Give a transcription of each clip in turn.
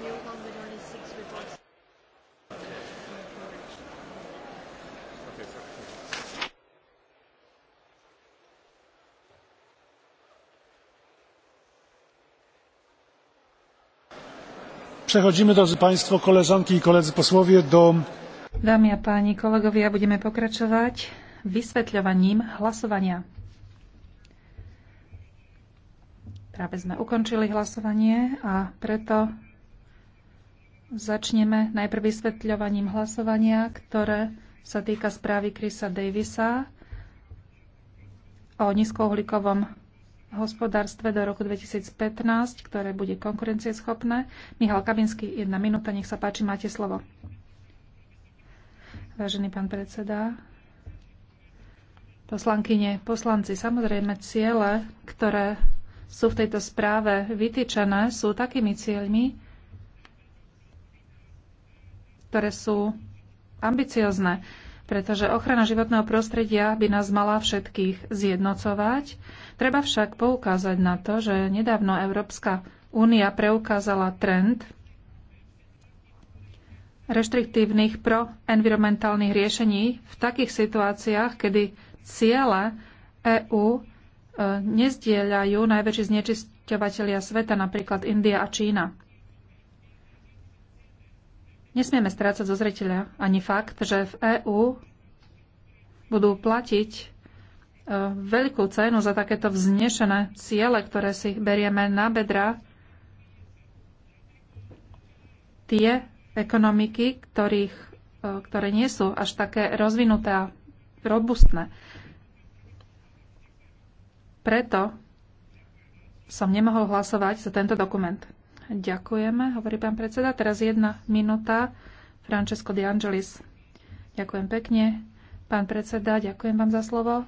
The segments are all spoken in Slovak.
new one with only six reports. Przechodzimy, drodzy Państwo, koleżanki i koledzy posłowie, do... Dámy a páni, kolegovia, budeme pokračovať vysvetľovaním hlasovania. Práve sme ukončili hlasovanie a preto Začneme najprv vysvetľovaním hlasovania, ktoré sa týka správy Krisa Davisa o nízkouhlíkovom hospodárstve do roku 2015, ktoré bude konkurencieschopné. Michal Kabinsky, jedna minúta, nech sa páči, máte slovo. Vážený pán predseda, poslankyne, poslanci, samozrejme ciele, ktoré sú v tejto správe vytýčené, sú takými cieľmi, ktoré sú ambiciozne, pretože ochrana životného prostredia by nás mala všetkých zjednocovať. Treba však poukázať na to, že nedávno Európska únia preukázala trend reštriktívnych pro-environmentálnych riešení v takých situáciách, kedy ciele EÚ e, nezdieľajú najväčší znečisťovateľia sveta, napríklad India a Čína. Nesmieme strácať zo zreteľa ani fakt, že v EÚ budú platiť e, veľkú cenu za takéto vznešené ciele, ktoré si berieme na bedra, tie ekonomiky, ktorých, e, ktoré nie sú až také rozvinuté a robustné. Preto som nemohol hlasovať za tento dokument. Ďakujeme, hovorí pán predseda. Teraz jedna minúta. Francesco De Angelis. Ďakujem pekne. Pán predseda, ďakujem vám za slovo.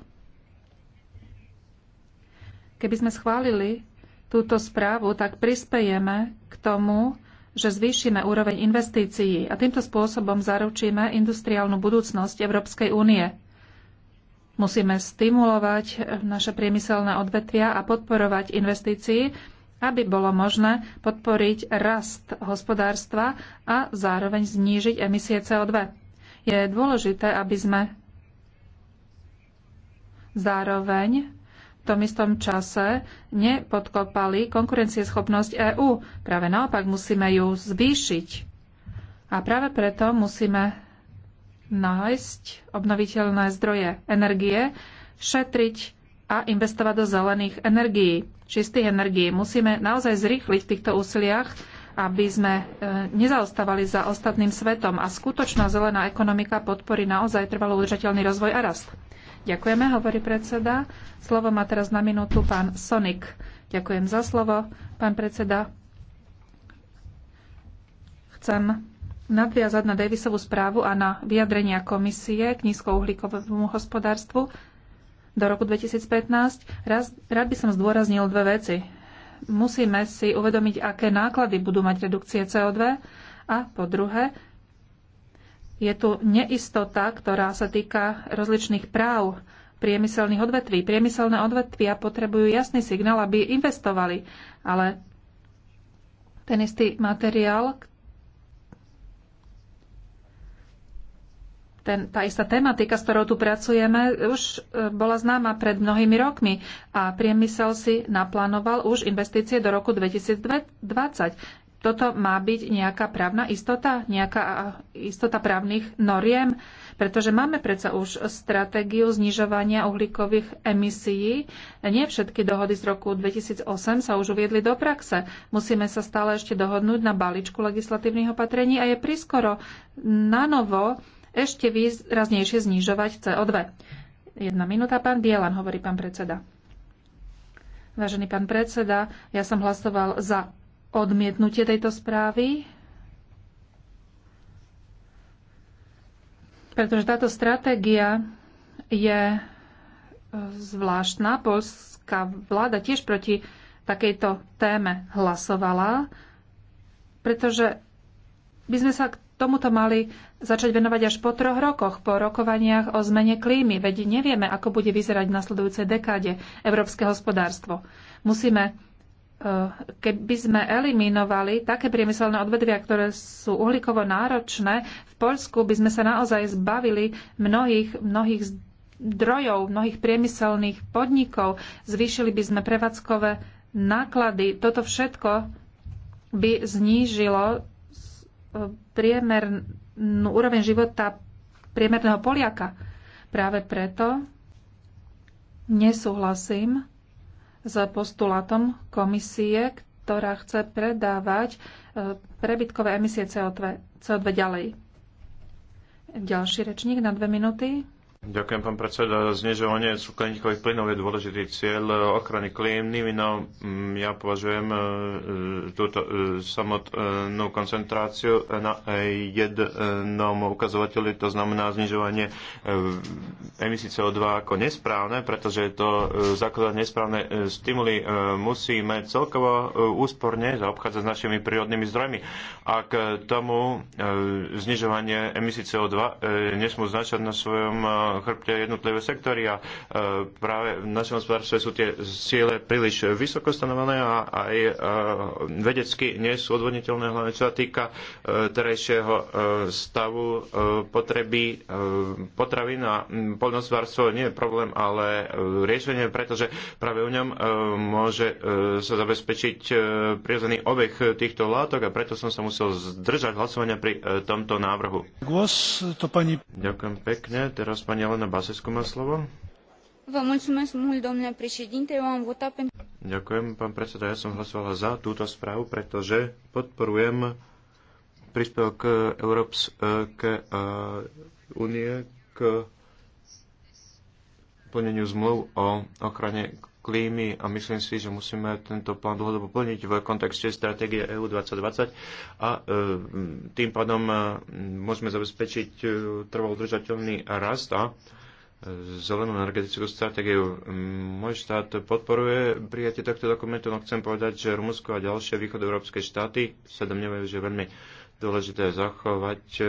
Keby sme schválili túto správu, tak prispejeme k tomu, že zvýšime úroveň investícií a týmto spôsobom zaručíme industriálnu budúcnosť Európskej únie. Musíme stimulovať naše priemyselné odvetvia a podporovať investícii aby bolo možné podporiť rast hospodárstva a zároveň znížiť emisie CO2. Je dôležité, aby sme zároveň v tom istom čase nepodkopali konkurencieschopnosť EÚ. Práve naopak musíme ju zvýšiť. A práve preto musíme nájsť obnoviteľné zdroje energie, šetriť a investovať do zelených energií, čistých energií. Musíme naozaj zrýchliť v týchto úsiliach, aby sme e, nezaostávali za ostatným svetom a skutočná zelená ekonomika podporí naozaj trvalo udržateľný rozvoj a rast. Ďakujeme, hovorí predseda. Slovo má teraz na minútu pán Sonik. Ďakujem za slovo, pán predseda. Chcem nadviazať na Davisovú správu a na vyjadrenia komisie k nízkouhlíkovému hospodárstvu do roku 2015. Raz, rád by som zdôraznil dve veci. Musíme si uvedomiť, aké náklady budú mať redukcie CO2 a po druhé, je tu neistota, ktorá sa týka rozličných práv priemyselných odvetví. Priemyselné odvetvia potrebujú jasný signál, aby investovali, ale ten istý materiál, ten, tá istá tematika, s ktorou tu pracujeme, už e, bola známa pred mnohými rokmi a priemysel si naplánoval už investície do roku 2020. Toto má byť nejaká právna istota, nejaká istota právnych noriem, pretože máme predsa už stratégiu znižovania uhlíkových emisií. Nie všetky dohody z roku 2008 sa už uviedli do praxe. Musíme sa stále ešte dohodnúť na balíčku legislatívnych opatrení a je priskoro na novo ešte výraznejšie znižovať CO2. Jedna minúta, pán Bielan, hovorí pán predseda. Vážený pán predseda, ja som hlasoval za odmietnutie tejto správy, pretože táto stratégia je e, zvláštna. Polská vláda tiež proti takejto téme hlasovala, pretože by sme sa k tomuto mali začať venovať až po troch rokoch, po rokovaniach o zmene klímy, veď nevieme, ako bude vyzerať v nasledujúcej dekáde európske hospodárstvo. Musíme e, keby sme eliminovali také priemyselné odvetvia, ktoré sú uhlíkovo náročné, v Poľsku by sme sa naozaj zbavili mnohých, mnohých zdrojov, mnohých priemyselných podnikov, zvýšili by sme prevádzkové náklady. Toto všetko by znížilo e, priemer, úroveň života priemerného Poliaka. Práve preto nesúhlasím s postulátom komisie, ktorá chce predávať e, prebytkové emisie CO2, CO2 ďalej. Ďalší rečník na dve minúty. Ďakujem, pán predseda. Znižovanie skleníkových plynov je dôležitý cieľ ochrany klímy, no mm, ja považujem e, e, túto e, samotnú koncentráciu na jednom ukazovateli, to znamená znižovanie emisí CO2 ako nesprávne, pretože je to základ nesprávne stimuly. Musíme celkovo úsporne zaobchádzať s našimi prírodnými zdrojmi. A k tomu znižovanie emisí CO2 nesmú značať na svojom chrbte jednotlivé sektory a e, práve v našom hospodárstve sú tie ciele príliš vysoko stanovené a aj e, vedecky nie sú odvodniteľné, hlavne čo sa týka e, terajšieho stavu potreby potravín a poľnohospodárstvo nie je problém, ale riešenie, pretože práve u ňom môže sa zabezpečiť prirodzený obeh týchto látok a preto som sa musel zdržať hlasovania pri tomto návrhu. Ďakujem pekne. Teraz pani Basescu má slovo. Ďakujem, pán predseda. Ja som hlasovala za túto správu, pretože podporujem príspevok Európskej únie k plneniu zmluv o ochrane klímy a myslím si, že musíme tento plán dlhodobo plniť v kontexte stratégie EU 2020 a e, tým pádom e, môžeme zabezpečiť e, trvalo udržateľný rast a zelenú energetickú stratégiu. Môj štát podporuje prijatie tohto dokumentu, no chcem povedať, že Rumunsko a ďalšie východoeurópske štáty sa domnievajú, že veľmi Dôležité zachovať e,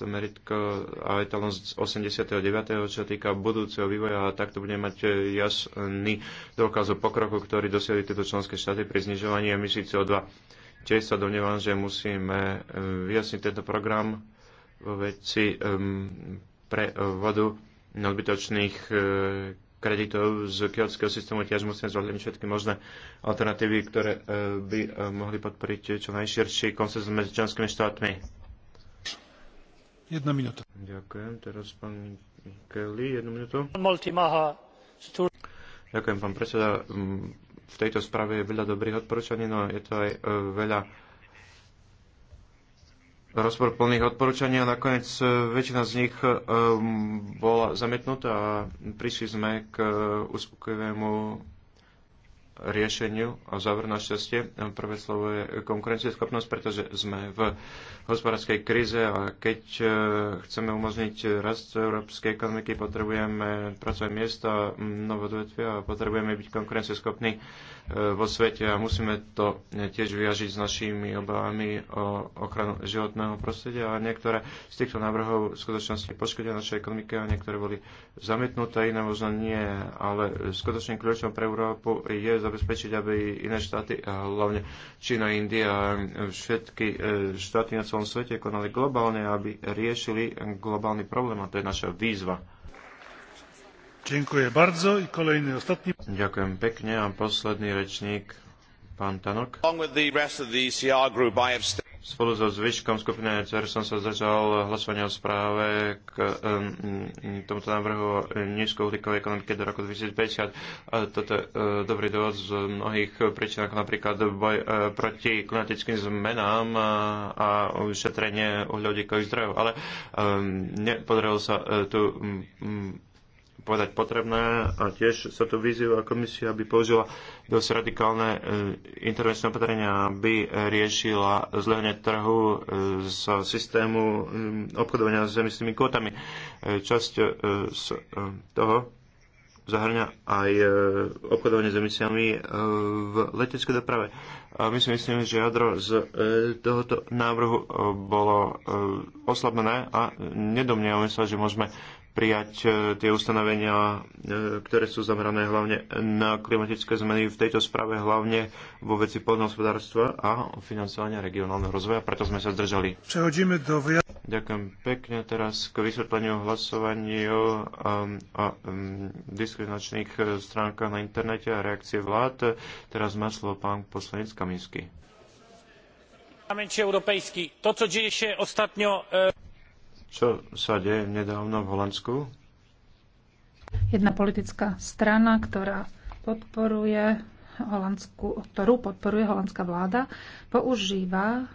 to meritko a etalon z 89. čo týka budúceho vývoja a takto bude mať e, jasný dôkaz o pokroku, ktorý dosiahli tieto členské štáty pri znižovaní emisí CO2. Tiež sa domnievam, že musíme e, vyjasniť tento program vo veci um, vodu nadbytočných kreditov z kiotského systému tiež musíme zohľadniť všetky možné alternatívy, ktoré e, by e, mohli podporiť čo najširší konsenzus medzi členskými štátmi. Jedna minúta. Ďakujem. Teraz pán Kelly, jednu minútu. Ďakujem, pán predseda. V tejto správe je veľa dobrých odporúčaní, no je to aj e, veľa rozpor plných odporúčaní a nakoniec e, väčšina z nich e, bola zamietnutá a prišli sme k e, uspokojivému riešeniu a záver na šťastie. Prvé slovo je konkurencieschopnosť, pretože sme v hospodárskej kríze a keď chceme umožniť rast európskej ekonomiky, potrebujeme pracovné miesta, nové odvetvia a potrebujeme byť konkurencieschopní vo svete a musíme to tiež vyjažiť s našimi obavami o ochranu životného prostredia a niektoré z týchto návrhov v skutočnosti poškodia našej ekonomike a niektoré boli zamietnuté, iné možno nie, ale skutočným kľúčom pre Európu je zabezpečiť, aby iné štáty, hlavne Čína, India, a všetky e, štáty na celom svete konali globálne, aby riešili globálny problém a to je naša výzva. Ďakujem bardzo. I kolejný ostatný. Ďakujem pekne a posledný rečník, pán Tanok. E Spolu so zvyškom skupiny ECR som sa začal hlasovanie o správe k um, tomuto návrhu nízkouhlíkovej ekonomiky do roku 2050. A toto je uh, dobrý dôvod z mnohých príčin, ako napríklad boj uh, proti klimatickým zmenám uh, a šetrenie uhľovodíkových zdrojov. Ale um, nepodarilo sa uh, tu um, povedať potrebné a tiež sa tu vyzýva komisia, aby použila dosť radikálne e, intervenčné opatrenia, aby riešila zlehne trhu e, z systému e, obchodovania s emisnými kvotami. Časť z toho zahrňa aj obchodovanie s emisiami v leteckej doprave. A my si myslíme, že jadro z tohoto návrhu bolo oslabené a nedomnievame sa, že môžeme prijať e, tie ustanovenia, e, ktoré sú zamerané hlavne na klimatické zmeny v tejto správe, hlavne vo veci poľnohospodárstva a financovania regionálneho rozvoja, preto sme sa zdržali. Prehodíme do Ďakujem pekne teraz k vysvetleniu hlasovaní o, um, o um, diskriminačných e, stránkach na internete a reakcie vlád. Teraz má slovo pán poslanec Kaminsky parlamencie europejskim to čo dzieje się ostatnio čo sa deje nedávno v Holandsku? Jedna politická strana, ktorá podporuje Holandsku, ktorú podporuje holandská vláda, používa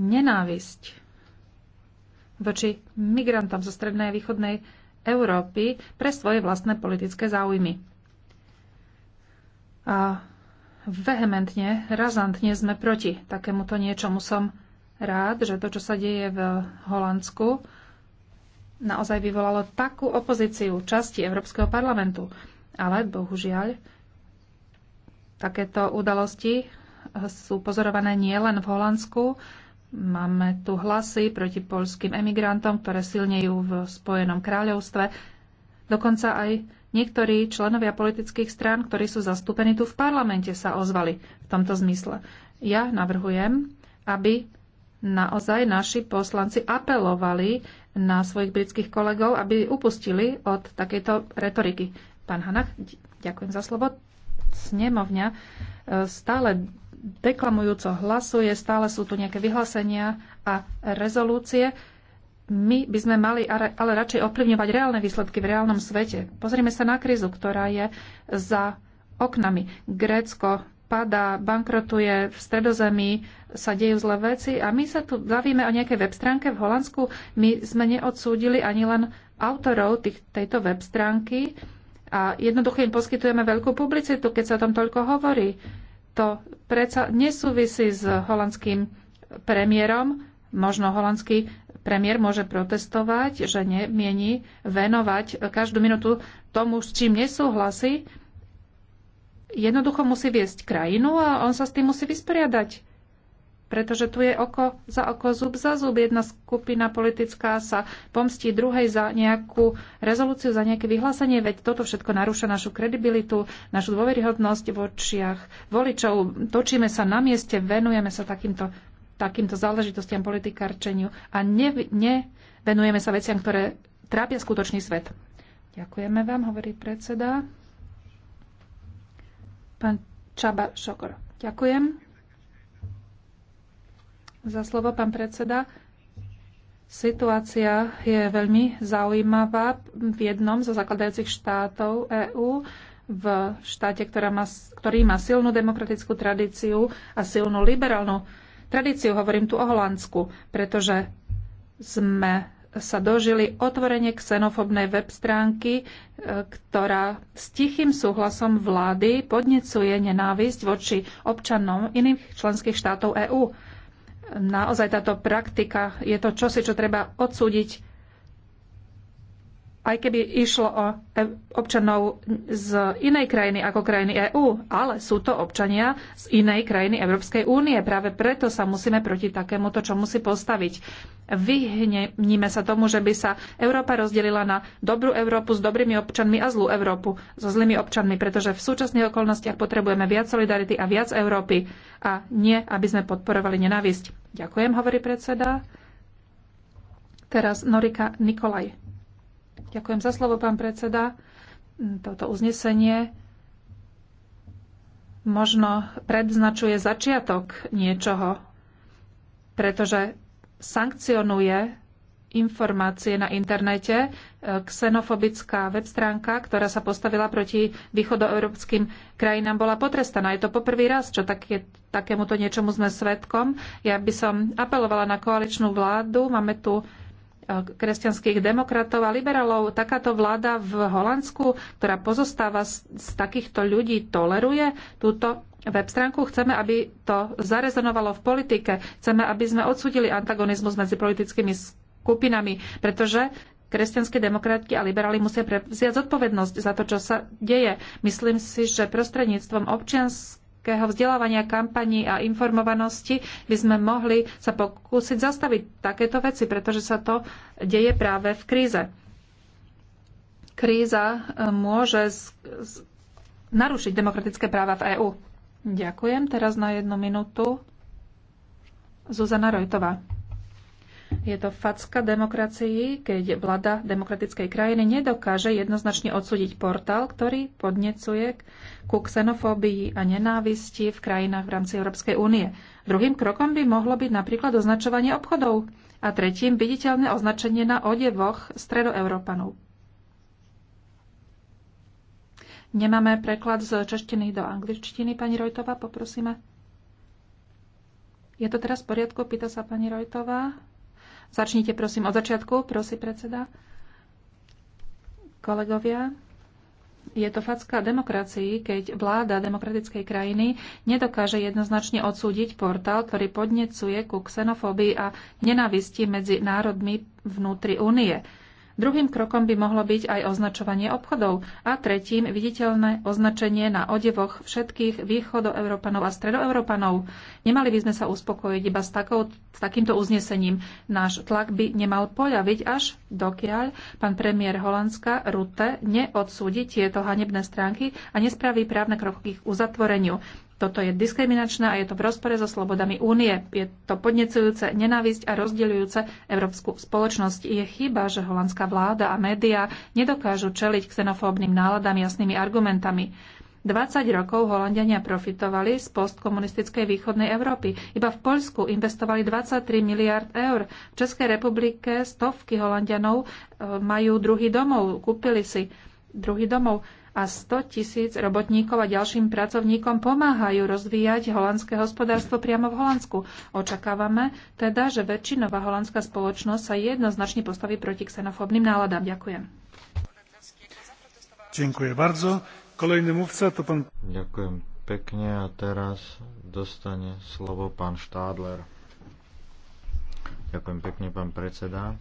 nenávisť voči migrantom zo strednej a východnej Európy pre svoje vlastné politické záujmy. A vehementne, razantne sme proti takémuto niečomu. Som rád, že to, čo sa deje v Holandsku, naozaj vyvolalo takú opozíciu časti Európskeho parlamentu. Ale bohužiaľ, takéto udalosti sú pozorované nielen v Holandsku. Máme tu hlasy proti polským emigrantom, ktoré silnejú v Spojenom kráľovstve. Dokonca aj niektorí členovia politických strán, ktorí sú zastúpení tu v parlamente, sa ozvali v tomto zmysle. Ja navrhujem, aby naozaj naši poslanci apelovali na svojich britských kolegov, aby upustili od takejto retoriky. Pán Hanach, ďakujem za slovo. Snemovňa e, stále deklamujúco hlasuje, stále sú tu nejaké vyhlásenia a rezolúcie. My by sme mali ale radšej ovplyvňovať reálne výsledky v reálnom svete. Pozrime sa na krízu, ktorá je za oknami. Grécko padá, bankrotuje, v stredozemí sa dejú zlé veci a my sa tu bavíme o nejakej web stránke v Holandsku. My sme neodsúdili ani len autorov tých, tejto web stránky a jednoducho im poskytujeme veľkú publicitu, keď sa o tom toľko hovorí. To predsa nesúvisí s holandským premiérom. Možno holandský premiér môže protestovať, že nemieni venovať každú minútu tomu, s čím nesúhlasí jednoducho musí viesť krajinu a on sa s tým musí vysporiadať. Pretože tu je oko za oko, zub za zub. Jedna skupina politická sa pomstí druhej za nejakú rezolúciu, za nejaké vyhlásenie, veď toto všetko narúša našu kredibilitu, našu dôveryhodnosť v očiach voličov. Točíme sa na mieste, venujeme sa takýmto, takýmto záležitostiam politikárčeniu a ne, nevenujeme sa veciam, ktoré trápia skutočný svet. Ďakujeme vám, hovorí predseda. Pán Čaba Šokor. Ďakujem za slovo, pán predseda. Situácia je veľmi zaujímavá v jednom zo zakladajúcich štátov EÚ, v štáte, ktorá má, ktorý má silnú demokratickú tradíciu a silnú liberálnu tradíciu. Hovorím tu o Holandsku, pretože sme sa dožili otvorenie xenofobnej web stránky, e, ktorá s tichým súhlasom vlády podnecuje nenávisť voči občanom iných členských štátov EÚ. Naozaj táto praktika je to čosi, čo treba odsúdiť aj keby išlo o občanov z inej krajiny ako krajiny EÚ, ale sú to občania z inej krajiny Európskej únie. Práve preto sa musíme proti takémuto čomu si postaviť. Vyhneme sa tomu, že by sa Európa rozdelila na dobrú Európu s dobrými občanmi a zlú Európu so zlými občanmi, pretože v súčasných okolnostiach potrebujeme viac solidarity a viac Európy a nie, aby sme podporovali nenávisť. Ďakujem, hovorí predseda. Teraz Norika Nikolaj. Ďakujem za slovo, pán predseda. Toto uznesenie možno predznačuje začiatok niečoho, pretože sankcionuje informácie na internete, xenofobická web stránka, ktorá sa postavila proti východoeurópskym krajinám, bola potrestaná. Je to poprvý raz, čo je, takémuto niečomu sme svetkom. Ja by som apelovala na koaličnú vládu. Máme tu kresťanských demokratov a liberálov. Takáto vláda v Holandsku, ktorá pozostáva z, z takýchto ľudí, toleruje túto web stránku. Chceme, aby to zarezonovalo v politike. Chceme, aby sme odsudili antagonizmus medzi politickými skupinami, pretože kresťanské demokratky a liberáli musia prevziať zodpovednosť za to, čo sa deje. Myslím si, že prostredníctvom občiansk občianskeho vzdelávania, kampaní a informovanosti by sme mohli sa pokúsiť zastaviť takéto veci, pretože sa to deje práve v kríze. Kríza e, môže z, z, narušiť demokratické práva v EÚ. Ďakujem. Teraz na jednu minútu Zuzana Rojtová. Je to facka demokracii, keď vláda demokratickej krajiny nedokáže jednoznačne odsúdiť portál, ktorý podnecuje ku xenofóbii a nenávisti v krajinách v rámci Európskej únie. Druhým krokom by mohlo byť napríklad označovanie obchodov a tretím viditeľné označenie na odevoch stredoeurópanov. Nemáme preklad z češtiny do angličtiny, pani Rojtová, poprosíme. Je to teraz v poriadku, pýta sa pani Rojtová. Začnite prosím od začiatku, prosí predseda. Kolegovia, je to facka demokracii, keď vláda demokratickej krajiny nedokáže jednoznačne odsúdiť portál, ktorý podnecuje ku xenofóbii a nenávisti medzi národmi vnútri únie. Druhým krokom by mohlo byť aj označovanie obchodov a tretím viditeľné označenie na odevoch všetkých východoeurópanov a stredoeurópanov. Nemali by sme sa uspokojiť iba s, takou, s takýmto uznesením. Náš tlak by nemal pojaviť až dokiaľ pán premiér Holandska Rutte neodsúdi tieto hanebné stránky a nespraví právne kroky k uzatvoreniu. Toto je diskriminačné a je to v rozpore so slobodami únie. Je to podnecujúce nenávisť a rozdeľujúce európsku spoločnosť. Je chyba, že holandská vláda a médiá nedokážu čeliť xenofóbnym náladám jasnými argumentami. 20 rokov Holandiania profitovali z postkomunistickej východnej Európy. Iba v Poľsku investovali 23 miliard eur. V Českej republike stovky Holandianov e, majú druhý domov, kúpili si druhý domov a 100 tisíc robotníkov a ďalším pracovníkom pomáhajú rozvíjať holandské hospodárstvo priamo v Holandsku. Očakávame teda, že väčšinová holandská spoločnosť sa jednoznačne postaví proti xenofóbnym náladám. Ďakujem. Ďakujem bardzo. Kolejný mluvca to pán... Ďakujem pekne a teraz dostane slovo pán Štádler. Ďakujem pekne, pán predseda.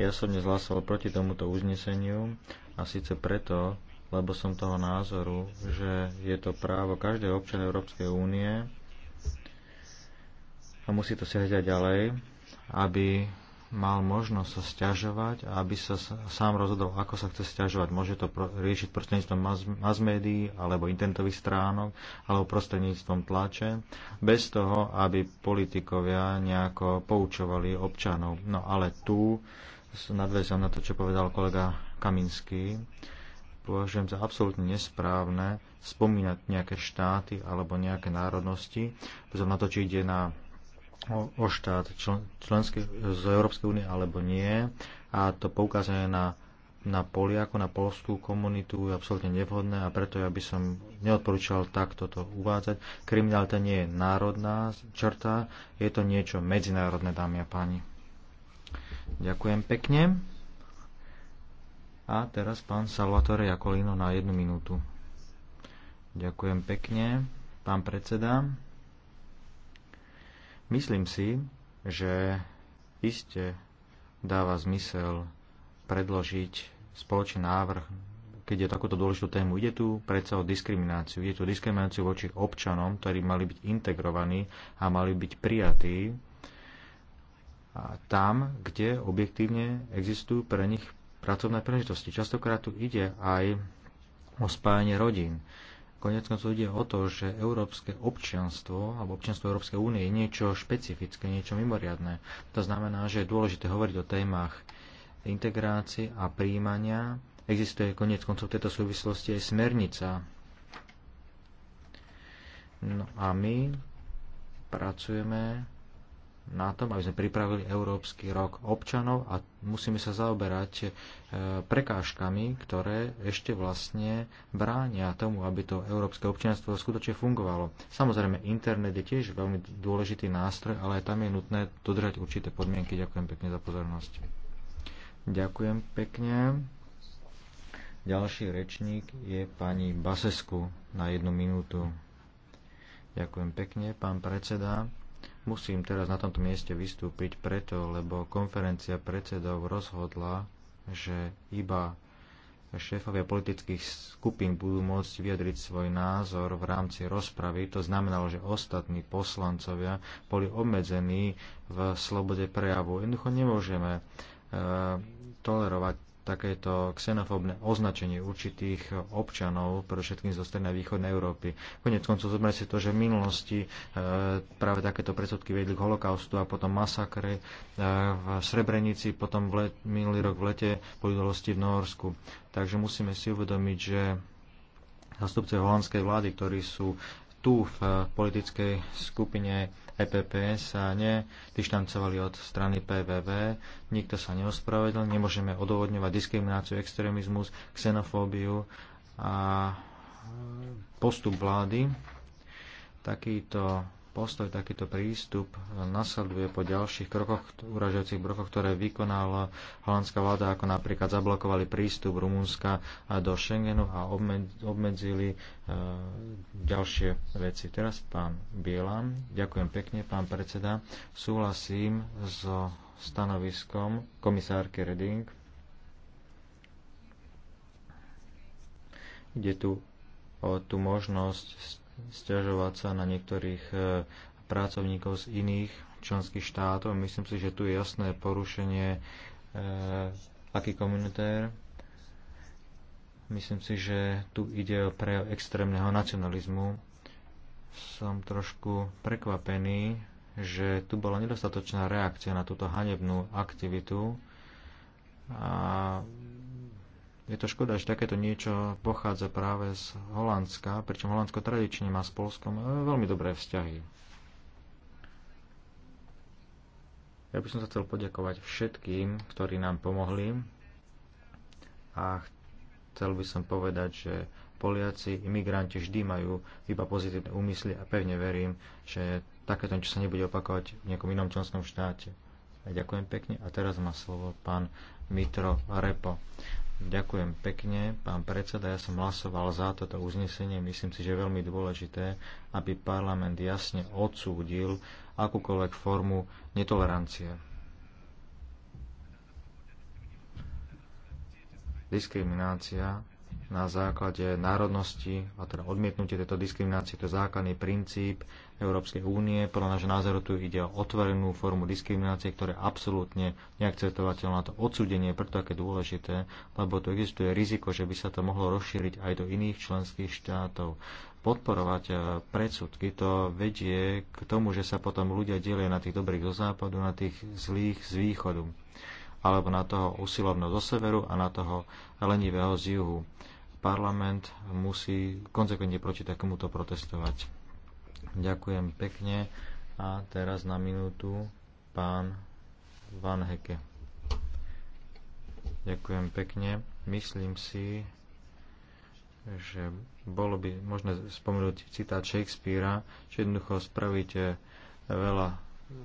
Ja som dnes hlasoval proti tomuto uzneseniu a síce preto, lebo som toho názoru, že je to právo každého občana Európskej únie a musí to siahať aj ďalej, aby mal možnosť sa stiažovať a aby sa sám rozhodol, ako sa chce stiažovať. Môže to pro- riešiť prostredníctvom mass médií alebo internetových stránok alebo prostredníctvom tlače, bez toho, aby politikovia nejako poučovali občanov. No ale tu nadväzam na to, čo povedal kolega Kaminský považujem za absolútne nesprávne spomínať nejaké štáty alebo nejaké národnosti, vzhľadom na to, či ide na, o, o štát člen, členský, z Európskej únie alebo nie. A to poukázanie na, na Poliako, na polskú komunitu je absolútne nevhodné a preto ja by som neodporúčal takto to uvádzať. Kriminalita nie je národná črta, je to niečo medzinárodné, dámy a páni. Ďakujem pekne. A teraz pán Salvatore Jakolino na jednu minútu. Ďakujem pekne, pán predseda. Myslím si, že iste dáva zmysel predložiť spoločný návrh, keď je takúto dôležitú tému. Ide tu predsa o diskrimináciu. Ide tu diskrimináciu voči občanom, ktorí mali byť integrovaní a mali byť prijatí tam, kde objektívne existujú pre nich pracovné príležitosti. Častokrát tu ide aj o spájanie rodín. Konec koncov ide o to, že európske občianstvo alebo občianstvo Európskej únie je niečo špecifické, niečo mimoriadné. To znamená, že je dôležité hovoriť o témach integrácie a príjmania. Existuje konec koncov v tejto súvislosti aj smernica. No a my pracujeme na tom, aby sme pripravili Európsky rok občanov a musíme sa zaoberať e, prekážkami, ktoré ešte vlastne bránia tomu, aby to európske občianstvo skutočne fungovalo. Samozrejme, internet je tiež veľmi dôležitý nástroj, ale aj tam je nutné dodržať určité podmienky. Ďakujem pekne za pozornosť. Ďakujem pekne. Ďalší rečník je pani Basesku na jednu minútu. Ďakujem pekne, pán predseda. Musím teraz na tomto mieste vystúpiť preto, lebo konferencia predsedov rozhodla, že iba šéfovia politických skupín budú môcť vyjadriť svoj názor v rámci rozpravy. To znamenalo, že ostatní poslancovia boli obmedzení v slobode prejavu. Jednoducho nemôžeme e, tolerovať takéto xenofóbne označenie určitých občanov, pre všetkým zo strednej a východnej Európy. Konec koncov zoberme si to, že v minulosti e, práve takéto predsudky vedli k holokaustu a potom masakre e, v Srebrenici, potom v let, minulý rok v lete po udalosti v Norsku. Takže musíme si uvedomiť, že zastupce holandskej vlády, ktorí sú tu v eh, politickej skupine EPP sa nedištancovali od strany PVV, nikto sa neospravedl, nemôžeme odôvodňovať diskrimináciu, extrémizmus, xenofóbiu a eh, postup vlády. Takýto postoj, takýto prístup nasleduje po ďalších krokoch, uražujúcich krokoch, ktoré vykonala holandská vláda, ako napríklad zablokovali prístup Rumunska do Schengenu a obmedzili e, ďalšie veci. Teraz pán Bielan, ďakujem pekne, pán predseda, súhlasím so stanoviskom komisárky Reding. Ide tu o tú možnosť stiažovať sa na niektorých e, pracovníkov z iných členských štátov. Myslím si, že tu je jasné porušenie e, aký komunitér. Myslím si, že tu ide o prejav extrémneho nacionalizmu. Som trošku prekvapený, že tu bola nedostatočná reakcia na túto hanebnú aktivitu a je to škoda, že takéto niečo pochádza práve z Holandska, pričom Holandsko tradične má s Polskom e, veľmi dobré vzťahy. Ja by som sa chcel poďakovať všetkým, ktorí nám pomohli a chcel by som povedať, že Poliaci, imigranti vždy majú iba pozitívne úmysly a pevne verím, že takéto niečo sa nebude opakovať v nejakom inom členskom štáte. ďakujem pekne a teraz má slovo pán Mitro Repo. Ďakujem pekne, pán predseda. Ja som hlasoval za toto uznesenie. Myslím si, že je veľmi dôležité, aby parlament jasne odsúdil akúkoľvek formu netolerancie. Diskriminácia na základe národnosti, a teda odmietnutie tejto diskriminácie, to je základný princíp Európskej únie. Podľa nášho názoru tu ide o otvorenú formu diskriminácie, ktorá je absolútne neakceptovateľná. To odsúdenie je preto také dôležité, lebo tu existuje riziko, že by sa to mohlo rozšíriť aj do iných členských štátov. Podporovať eh, predsudky to vedie k tomu, že sa potom ľudia delia na tých dobrých zo západu, na tých zlých z východu alebo na toho usilovného zo severu a na toho lenivého z juhu parlament musí konzekventne proti takomuto protestovať. Ďakujem pekne. A teraz na minútu pán Van Heke. Ďakujem pekne. Myslím si, že bolo by možné spomenúť citát Shakespearea, že jednoducho spravíte veľa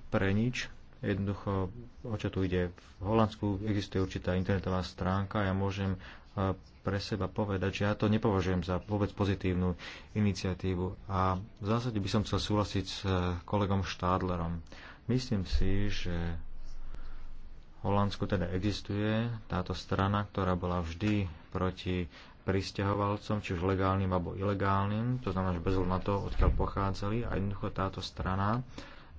pre nič. Jednoducho, o čo tu ide? V Holandsku existuje určitá internetová stránka, ja môžem e, pre seba povedať, že ja to nepovažujem za vôbec pozitívnu iniciatívu. A v zásade by som chcel súhlasiť s eh, kolegom Štádlerom. Myslím si, že v Holandsku teda existuje táto strana, ktorá bola vždy proti pristahovalcom, či už legálnym alebo ilegálnym, to znamená, že bez na to, odkiaľ pochádzali, a jednoducho táto strana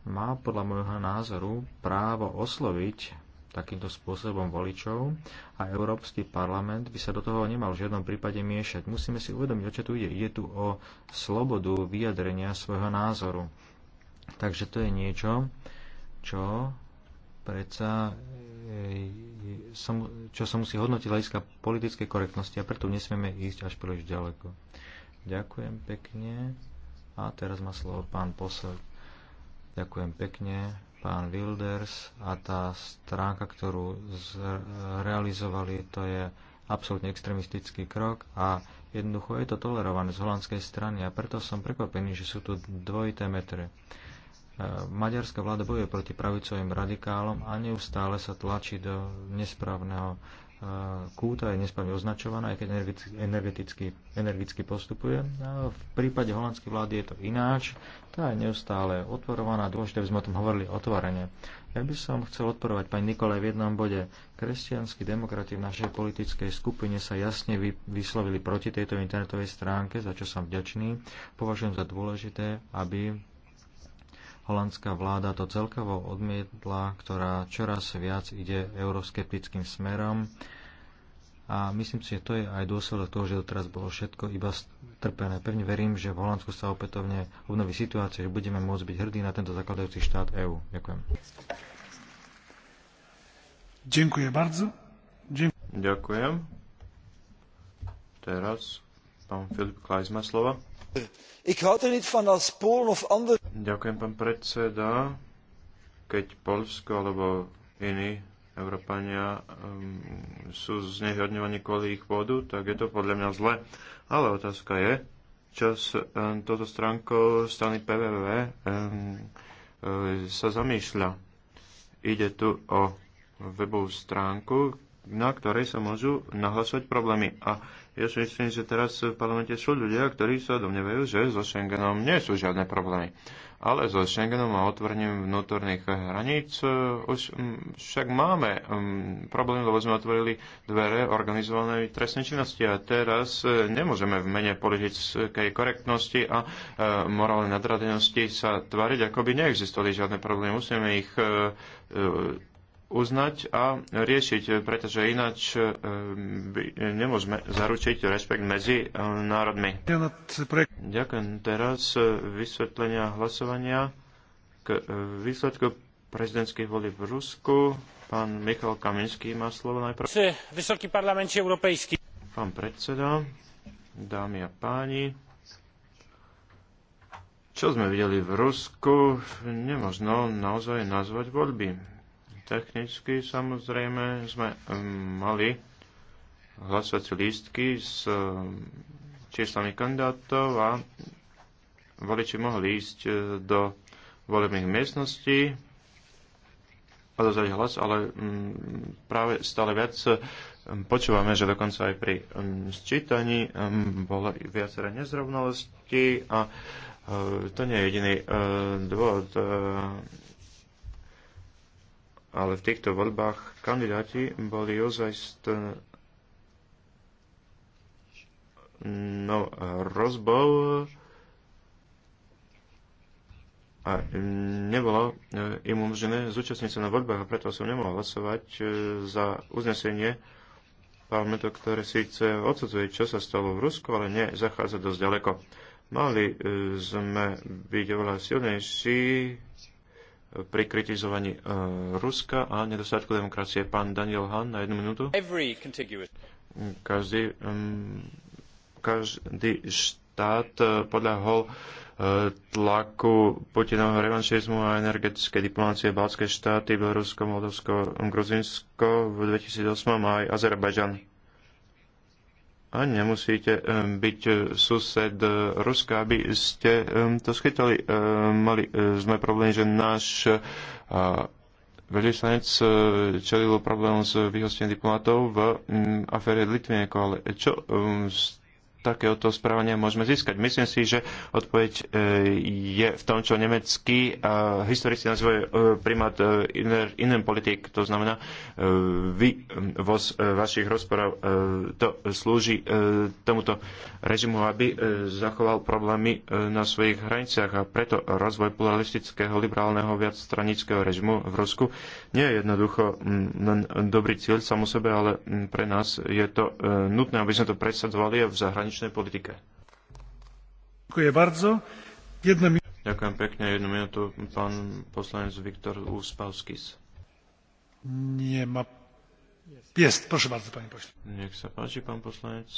má podľa môjho názoru právo osloviť takýmto spôsobom voličov a Európsky parlament by sa do toho nemal v žiadnom prípade miešať. Musíme si uvedomiť, o čo tu ide. Ide tu o slobodu vyjadrenia svojho názoru. Takže to je niečo, čo predsa e, čo sa musí hodnotiť hľadiska politickej korektnosti a preto nesmieme ísť až príliš ďaleko. Ďakujem pekne. A teraz má slovo pán posel. Ďakujem pekne pán Wilders a tá stránka, ktorú zrealizovali, to je absolútne extremistický krok a jednoducho je to tolerované z holandskej strany a preto som prekvapený, že sú tu dvojité metre. E, Maďarská vláda bojuje proti pravicovým radikálom a neustále sa tlačí do nesprávneho kúta je nesprávne označovaná, aj keď energeticky, energeticky postupuje. A v prípade holandskej vlády je to ináč. Tá je neustále otvorovaná, dôležité by sme o tom hovorili otvorene. Ja by som chcel odporovať pani Nikolaj v jednom bode. Kresťanskí demokrati v našej politickej skupine sa jasne vyslovili proti tejto internetovej stránke, za čo som vďačný. Považujem za dôležité, aby holandská vláda to celkovo odmietla, ktorá čoraz viac ide euroskeptickým smerom. A myslím si, že to je aj dôsledok toho, že doteraz bolo všetko iba strpené. Pevne verím, že v Holandsku sa opätovne obnoví situácia, že budeme môcť byť hrdí na tento zakladajúci štát EÚ. Ďakujem. Ďakujem bardzo. Ďakujem. Teraz pán Filip Klajs má slovo. Er Ďakujem, pán predseda. Keď Polsko alebo iní Európania um, sú znehodňovaní kvôli ich pôdu, tak je to podľa mňa zle. Ale otázka je, čo s um, touto stránkou strany PVV um, ehm, um, e, sa zamýšľa. Ide tu o webovú stránku, na ktorej sa môžu nahlasovať problémy. A ja si myslím, že teraz v parlamente sú ľudia, ktorí sa domnievajú, že so Schengenom nie sú žiadne problémy. Ale so Schengenom a otvorením vnútorných hraníc e, už však máme problém, lebo sme otvorili dvere organizovanej trestnej činnosti a teraz e, nemôžeme v mene politickej korektnosti a e, morálnej nadradenosti sa tváriť, ako by neexistovali žiadne problémy. Musíme ich uznať a riešiť, pretože ináč e, nemôžeme zaručiť rešpekt medzi e, národmi. Ďakujem. Teraz e, vysvetlenia hlasovania k výsledku prezidentských volí v Rusku. Pán Michal Kaminský má slovo najprv. Vysoký parlament európejský. Pán predseda, dámy a páni, čo sme videli v Rusku, nemožno naozaj nazvať voľby Technicky samozrejme sme ehm, mali hlasovacie lístky s ehm, číslami kandidátov a voliči mohli ísť e, do volebných miestností a dozvať hlas, ale ehm, práve stále viac počúvame, že dokonca aj pri sčítaní bolo viacera nezrovnalosti a e, to nie je jediný dôvod ale v týchto voľbách kandidáti boli ozaj no, rozbov a nebolo eh, im umožnené zúčastniť sa na voľbách a preto som nemohol hlasovať eh, za uznesenie parlamentu, ktoré síce odsudzuje, čo sa stalo v Rusku, ale nezachádza dosť ďaleko. Mali eh, sme byť oveľa silnejší pri kritizovaní e, Ruska a nedostatku demokracie. Pán Daniel Han na jednu minútu. Každý, každý štát e, podľahol e, tlaku Putinovho revanšizmu a energetické diplomácie Balské štáty, Bielorusko, Moldovsko, Gruzinsko v 2008 a aj Azerbajdžan a nemusíte e, byť e, sused e, Ruska, aby ste to schytali. Mali sme problém, že náš veľvyslanec čelil problém s vyhostením diplomatov v afére Litvinieko, ale čo s takéhoto správania môžeme získať. Myslím si, že odpoveď e, je v tom, čo nemecký historici nazývajú e, primát e, innen politik, to znamená vy vo vašich rozporav to slúži tomuto režimu, aby zachoval problémy na svojich hraniciach a preto rozvoj pluralistického, liberálneho, viacstranického režimu v Rusku nie je jednoducho len dobrý cieľ sam o sebe, ale pre nás je to nutné, aby sme to presadzovali v zahraničí zahraničnej politike. Ďakujem bardzo. Jedna min- Ďakujem pekne. Jednu minútu pán poslanec Viktor Uspavskis. Nie ma... Jest, proszę bardzo, panie pośle. Niech pan A sa páči, za poslanec.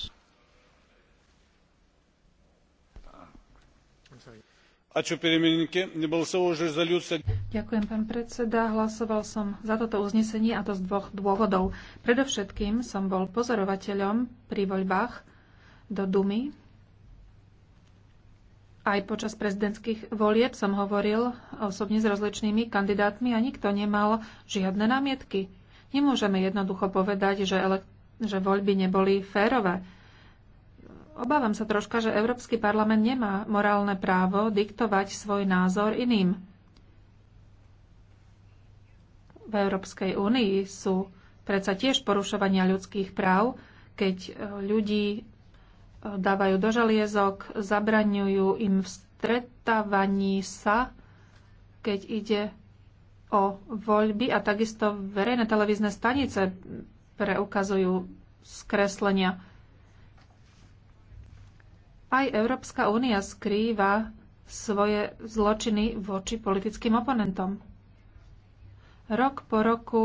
Ďakujem, pán predseda. Hlasoval som za toto uznesenie a to z dvoch dôvodov. Predovšetkým som bol pozorovateľom pri voľbách do Dumy. Aj počas prezidentských volieb som hovoril osobne s rozličnými kandidátmi a nikto nemal žiadne námietky. Nemôžeme jednoducho povedať, že, ele- že voľby neboli férové. Obávam sa troška, že Európsky parlament nemá morálne právo diktovať svoj názor iným. V Európskej únii sú predsa tiež porušovania ľudských práv, keď e, ľudí dávajú do žaliezok, zabraňujú im v stretávaní sa, keď ide o voľby a takisto verejné televízne stanice preukazujú skreslenia. Aj Európska únia skrýva svoje zločiny voči politickým oponentom. Rok po roku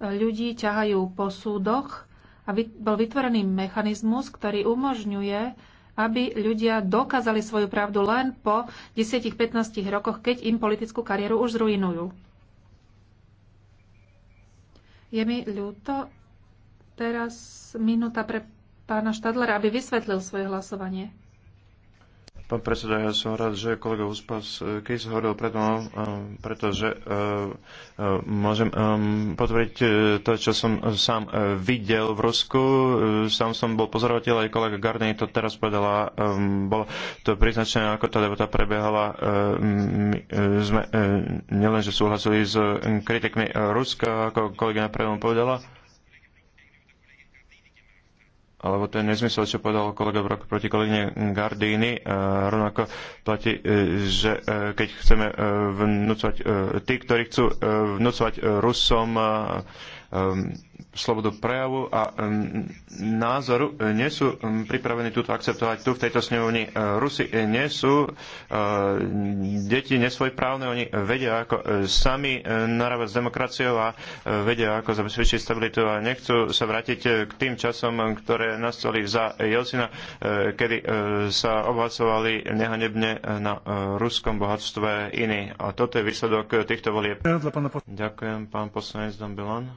ľudí ťahajú po súdoch a bol vytvorený mechanizmus, ktorý umožňuje, aby ľudia dokázali svoju pravdu len po 10-15 rokoch, keď im politickú kariéru už zrujnujú. Je mi ľúto teraz minúta pre pána Štadlera, aby vysvetlil svoje hlasovanie. Pán predseda, ja som rád, že kolega Uspas eh, Kis hovoril pred mnou, eh, pretože eh, môžem potvrdiť to, čo som sám videl v Rusku. Sám som bol pozorovateľ, aj kolega Gardner to teraz povedala. Bolo to priznačené, ako tá debata prebehala. My sme nielenže súhlasili s kritikmi Ruska, ako kolegyňa predom povedala, alebo to je nezmysel, čo povedal kolega Brok proti kolegyne Gardíny. E, rovnako platí, e, že e, keď chceme vnúcovať, tí, ktorí chcú vnúcovať Rusom Um, slobodu prejavu a um, názoru nie sú um, pripravení túto akceptovať tu v tejto snemovni. Uh, Rusi nie sú uh, deti nesvojprávne, oni vedia ako uh, sami narábať s demokraciou a vedia ako zabezpečiť stabilitu a nechcú sa vrátiť k tým časom, ktoré nastali za Jelcina, kedy sa obhacovali nehanebne na ruskom bohatstve iní. A toto je výsledok týchto volieb. Ďakujem, pán poslanec Dombilan.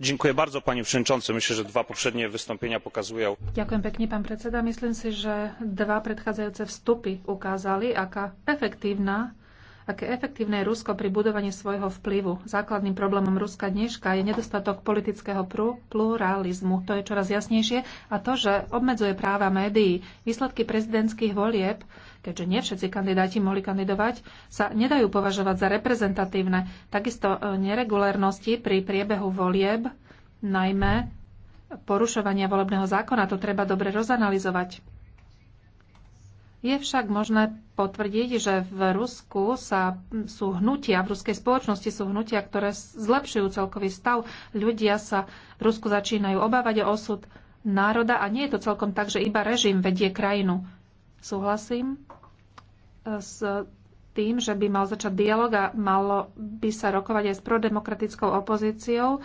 Myslím, že dva poprzednie wystąpienia pokazują. Ďakujem pekne, pán predseda. Myslím si, že dva predchádzajúce vstupy ukázali, aká efektívna aké efektívne je Rusko pri budovaní svojho vplyvu. Základným problémom Ruska dneška je nedostatok politického pluralizmu. To je čoraz jasnejšie a to, že obmedzuje práva médií. Výsledky prezidentských volieb keďže nie všetci kandidáti mohli kandidovať, sa nedajú považovať za reprezentatívne. Takisto e, neregulérnosti pri priebehu volieb, najmä porušovania volebného zákona, to treba dobre rozanalizovať. Je však možné potvrdiť, že v Rusku sa sú hnutia, v ruskej spoločnosti sú hnutia, ktoré zlepšujú celkový stav. Ľudia sa v Rusku začínajú obávať o osud národa a nie je to celkom tak, že iba režim vedie krajinu. Súhlasím eh, s tým, že by mal začať dialog a malo by sa rokovať aj s prodemokratickou opozíciou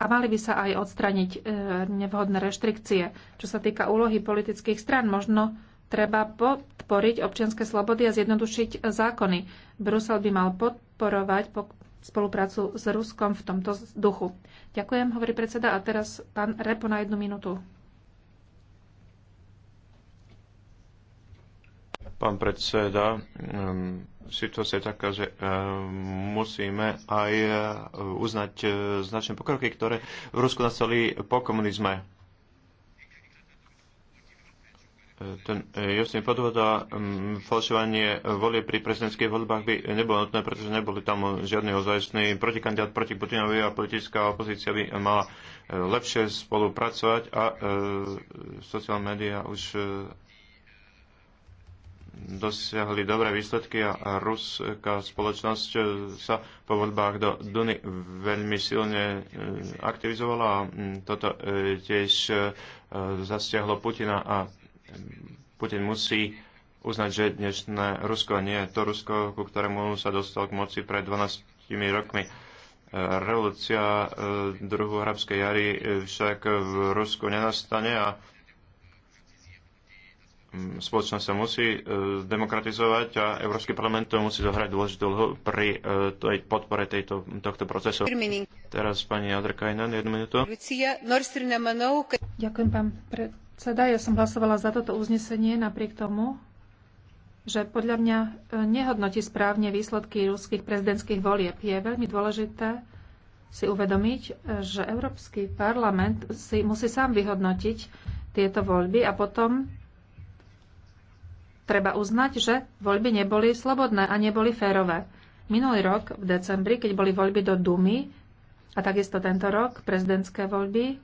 a mali by sa aj odstraniť eh, nevhodné reštrikcie. Čo sa týka úlohy politických strán, možno treba podporiť občianske slobody a zjednodušiť eh, zákony. Brusel by mal podporovať spoluprácu s Ruskom v tomto duchu. Ďakujem, hovorí predseda. A teraz pán Repo na jednu minútu. Pán predseda, ehm, situácia je taká, že ehm, musíme aj eh, uznať eh, značné pokroky, ktoré v Rusku nastali po komunizme eh, ten jasný podvod a ehm, falšovanie volie pri prezidentských voľbách by nebolo nutné, pretože neboli tam žiadny ozajstný protikandidát proti Putinovi a politická opozícia by mala lepšie spolupracovať a e, sociálne médiá už dosiahli dobré výsledky a ruská spoločnosť sa po voľbách do Duny veľmi silne eh, aktivizovala a hm, toto eh, tiež eh, zastiahlo Putina a hm, Putin musí uznať, že dnešné Rusko nie je to Rusko, ku ktorému sa dostal k moci pred 12 rokmi. Revolúcia druhú arabskej jary však v Rusku nenastane a spoločnosť sa musí e, demokratizovať a Európsky parlament to musí zohrať dôležitú úlohu pri e, tej podpore tejto, tohto procesu. Teraz pani Adrkajnan, jednu minútu. Ďakujem, pán predseda. Ja som hlasovala za toto uznesenie napriek tomu, že podľa mňa e, nehodnotí správne výsledky ruských prezidentských volieb. Je veľmi dôležité si uvedomiť, že Európsky parlament si musí sám vyhodnotiť tieto voľby a potom treba uznať, že voľby neboli slobodné a neboli férové. Minulý rok, v decembri, keď boli voľby do Dumy a takisto tento rok prezidentské voľby,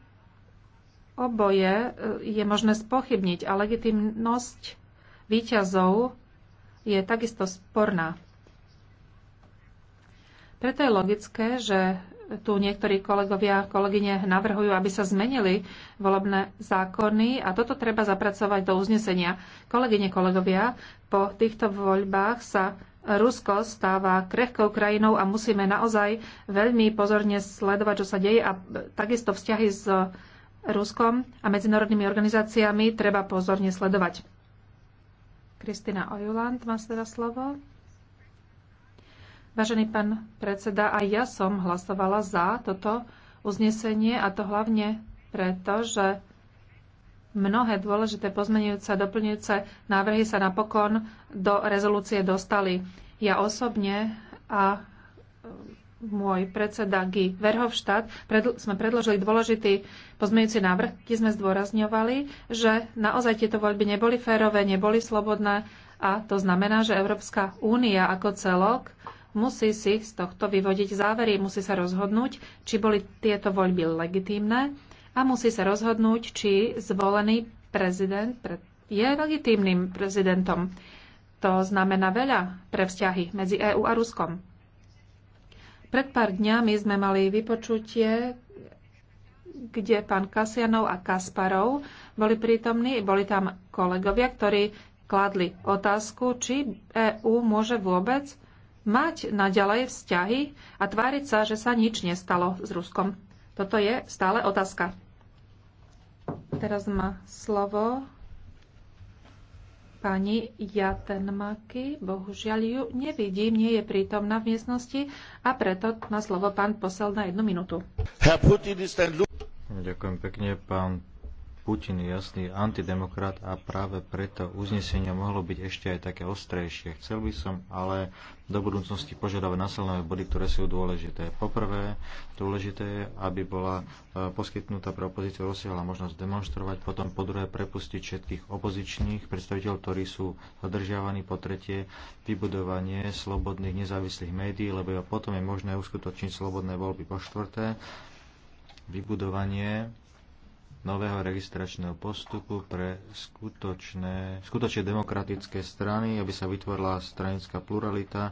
oboje e, je možné spochybniť a legitimnosť výťazov je takisto sporná. Preto je logické, že tu niektorí kolegovia a kolegyne navrhujú, aby sa zmenili volebné zákony a toto treba zapracovať do uznesenia. Kolegyne, kolegovia, po týchto voľbách sa Rusko stáva krehkou krajinou a musíme naozaj veľmi pozorne sledovať, čo sa deje a takisto vzťahy s Ruskom a medzinárodnými organizáciami treba pozorne sledovať. Kristina Ojuland má teda slovo. Vážený pán predseda, aj ja som hlasovala za toto uznesenie a to hlavne preto, že mnohé dôležité pozmenujúce a doplňujúce návrhy sa napokon do rezolúcie dostali. Ja osobne a môj predseda Guy Verhofstadt predl- sme predložili dôležitý pozmeňujúci návrh, kde sme zdôrazňovali, že naozaj tieto voľby neboli férové, neboli slobodné a to znamená, že Európska únia ako celok musí si z tohto vyvodiť závery, musí sa rozhodnúť, či boli tieto voľby legitímne a musí sa rozhodnúť, či zvolený prezident je legitímnym prezidentom. To znamená veľa pre vzťahy medzi EÚ a Ruskom. Pred pár dňami sme mali vypočutie, kde pán Kasianov a Kasparov boli prítomní. Boli tam kolegovia, ktorí kladli otázku, či EÚ môže vôbec mať naďalej vzťahy a tváriť sa, že sa nič nestalo s Ruskom. Toto je stále otázka. Teraz má slovo pani Jatenmaky. Bohužiaľ ju nevidím, nie je prítomná v miestnosti a preto má slovo pán posel na jednu minútu. Ďakujem pekne, pán Putin je jasný antidemokrat a práve preto uznesenie mohlo byť ešte aj také ostrejšie. Chcel by som ale do budúcnosti požiadavať nasledné body, ktoré sú dôležité. Poprvé, dôležité je, aby bola e, poskytnutá pre opozíciu rozsiahla možnosť demonstrovať, potom po druhé prepustiť všetkých opozičných predstaviteľov, ktorí sú zadržiavaní, po tretie vybudovanie slobodných nezávislých médií, lebo potom je možné uskutočniť slobodné voľby, po štvrté vybudovanie nového registračného postupu pre skutočné, skutočne demokratické strany, aby sa vytvorila stranická pluralita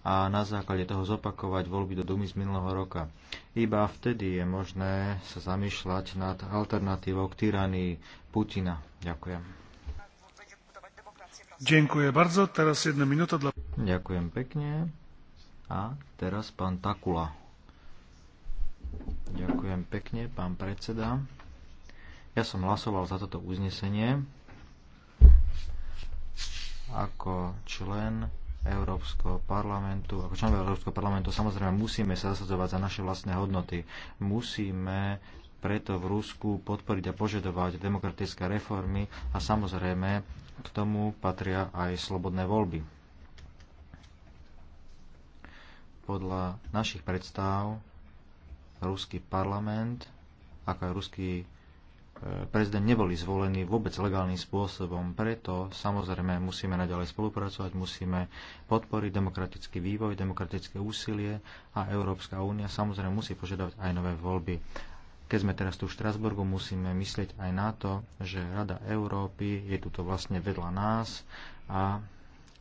a na základe toho zopakovať voľby do Dumy z minulého roka. Iba vtedy je možné sa zamýšľať nad alternatívou k tyranii Putina. Ďakujem. Ďakujem bardzo. Teraz jedna minúta dla... Ďakujem pekne. A teraz pán Takula. Ďakujem pekne, pán predseda. Ja som hlasoval za toto uznesenie ako člen Európskeho parlamentu, ako člen Európskeho parlamentu samozrejme musíme sa zasadzovať za naše vlastné hodnoty. Musíme preto v Rusku podporiť a požadovať demokratické reformy a samozrejme k tomu patria aj slobodné voľby. Podľa našich predstav ruský parlament, ako aj ruský prezident neboli zvolení vôbec legálnym spôsobom. Preto samozrejme musíme naďalej spolupracovať, musíme podporiť demokratický vývoj, demokratické úsilie a Európska únia samozrejme musí požiadať aj nové voľby. Keď sme teraz tu v Štrasburgu, musíme myslieť aj na to, že Rada Európy je tuto vlastne vedľa nás a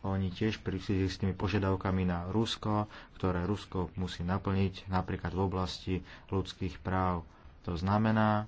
oni tiež prišli s tými požiadavkami na Rusko, ktoré Rusko musí naplniť napríklad v oblasti ľudských práv. To znamená,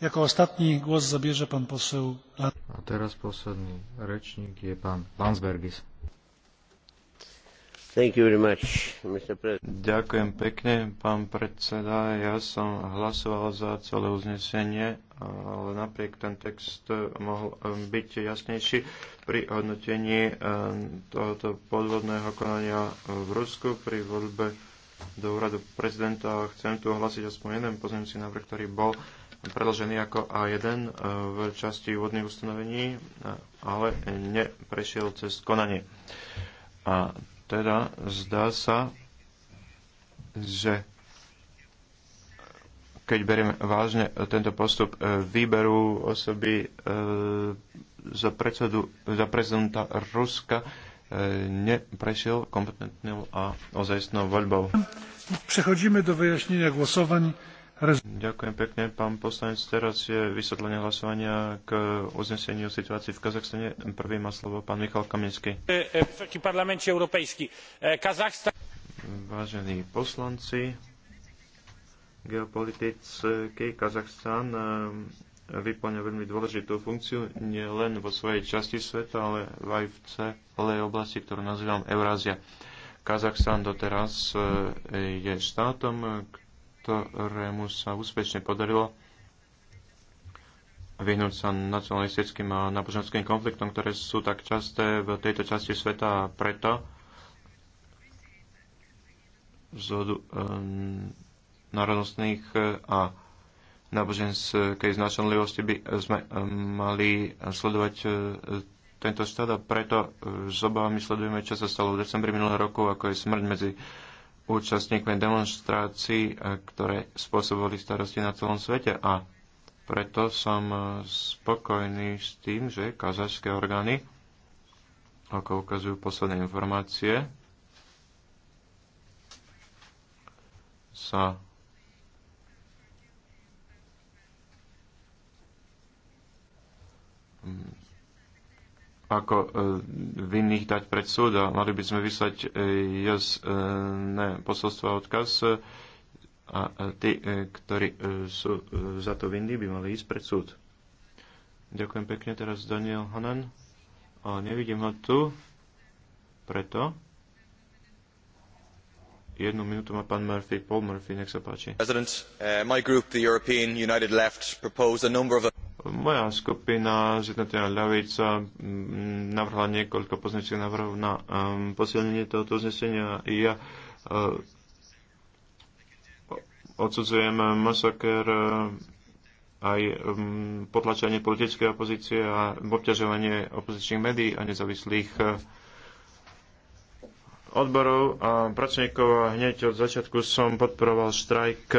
Jako ostatní głos zabierze pan poseł... A teraz posledný rečník je pán Lansbergis. Much, Ďakujem pekne, pán predseda. Ja som hlasoval za celé uznesenie, ale napriek ten text mohol um, byť jasnejší pri hodnotení um, tohoto podvodného konania um, v Rusku pri voľbe do úradu prezidenta. Chcem tu ohlasiť aspoň jeden pozemný návrh, ktorý bol predložený ako A1 e, v časti úvodných ustanovení, e, ale neprešiel cez konanie. A teda zdá sa, že keď berieme vážne tento postup e, výberu osoby za, predsedu, za prezidenta Ruska, neprešiel kompetentnou a ozajstnou voľbou. Przechodzimy do wyjaśnienia głosowań. Ďakujem pekne, pán poslanec. Teraz je vysvetlenie hlasovania k uzneseniu situácii v Kazachstane. Prvý má slovo pán Michal Kamienský. E, e, e, Vážení poslanci, geopolitický Kazachstan vyplňa veľmi dôležitú funkciu nielen vo svojej časti sveta, ale aj v celej oblasti, ktorú nazývam Eurázia. Kazachstan doteraz je štátom, ktorý ktorému sa úspešne podarilo vyhnúť sa nacionalistickým a náboženským konfliktom, ktoré sú tak časté v tejto časti sveta a preto z um, národnostných eh, a náboženskej značenlivosti by eh, sme mali sledovať tento štát a preto s obavami sledujeme, čo sa stalo v decembri minulého roku, ako je smrť medzi účastníkmi demonstrácií, eh, ktoré spôsobovali starosti na celom svete. A preto som eh, spokojný s tým, že kazašské orgány, ako ukazujú posledné informácie, sa ako e, vinných dať pred súd a mali by sme vyslať e, jasné posolstvo a odkaz a tí, e, ktorí sú za to vinní, by mali ísť pred súd. Ďakujem pekne teraz Daniel Hanan. A nevidím ho tu, preto jednu minútu má pán Murphy, Paul Murphy, nech sa páči. President, uh, my group, the European United Left, proposed a number of... Moja skupina Zjednotená ľavica mm, navrhla niekoľko pozniečných návrhov na um, posilnenie tohoto uznesenia. Ja uh, odsudzujem masaker uh, aj um, potlačanie politickej opozície a obťažovanie opozičných médií a nezávislých uh, odborov a pracovníkov a hneď od začiatku som podporoval štrajk e,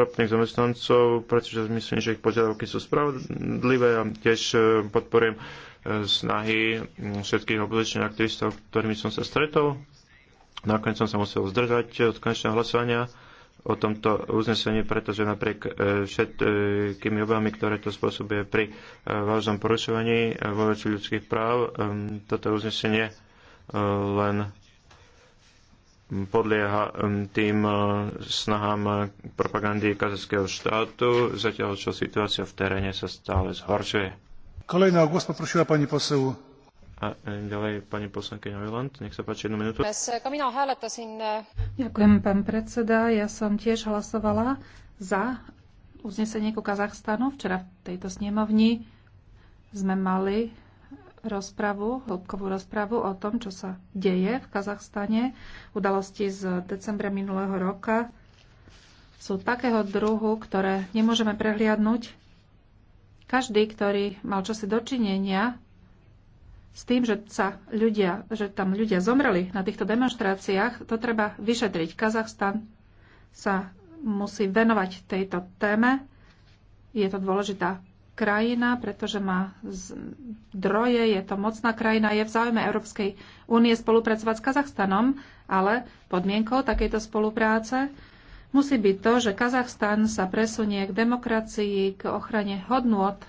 ropných zamestnancov, pretože myslím, že ich požiadavky sú spravodlivé a tiež e, podporujem e, snahy všetkých opozičných aktivistov, ktorými som sa stretol. Nakoniec no som sa musel zdržať od konečného hlasovania o tomto uznesení, pretože napriek všetkými obavami, ktoré to spôsobuje pri vážnom porušovaní vo ľudských práv, toto uznesenie len podlieha tým eh, snahám eh, propagandy kazachského štátu, zatiaľ čo situácia v teréne sa stále zhoršuje. Kolejná głos poprosila pani poseł. A eh, ďalej pani poslankyňa Vilant, nech sa páči jednu minútu. Ďakujem, pán predseda. Ja som tiež hlasovala za uznesenie ku Kazachstanu. Včera v tejto snemovni sme mali rozpravu, hĺbkovú rozpravu o tom, čo sa deje v Kazachstane. Udalosti z decembra minulého roka sú takého druhu, ktoré nemôžeme prehliadnúť. Každý, ktorý mal čosi dočinenia s tým, že, sa ľudia, že tam ľudia zomreli na týchto demonstráciách, to treba vyšetriť. Kazachstan sa musí venovať tejto téme. Je to dôležitá krajina, pretože má zdroje, je to mocná krajina, je v záujme Európskej únie spolupracovať s Kazachstanom, ale podmienkou takejto spolupráce musí byť to, že Kazachstan sa presunie k demokracii, k ochrane hodnôt.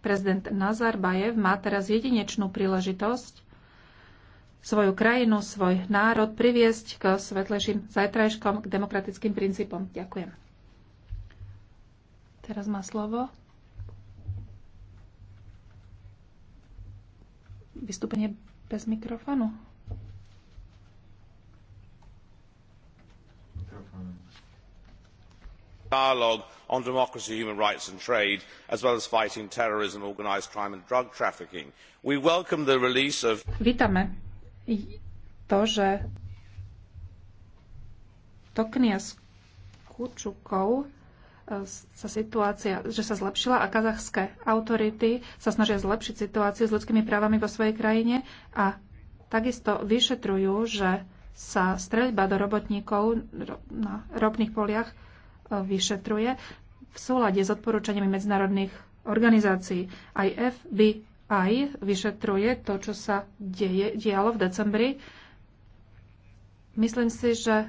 Prezident Nazarbajev má teraz jedinečnú príležitosť svoju krajinu, svoj národ priviesť k svetlejším zajtrajškom, k demokratickým princípom. Ďakujem. Teraz má slovo vystúpenie bez mikrofónu? dialogue on democracy human rights and trade as well as fighting terrorism organized crime and drug trafficking. we welcome the release of. vítame to že toknias kučukov sa situácia, že sa zlepšila a kazachské autority sa snažia zlepšiť situáciu s ľudskými právami vo svojej krajine a takisto vyšetrujú, že sa streľba do robotníkov na ropných poliach e, vyšetruje v súlade s odporúčaniami medzinárodných organizácií. Aj FBI vyšetruje to, čo sa deje, dialo v decembri. Myslím si, že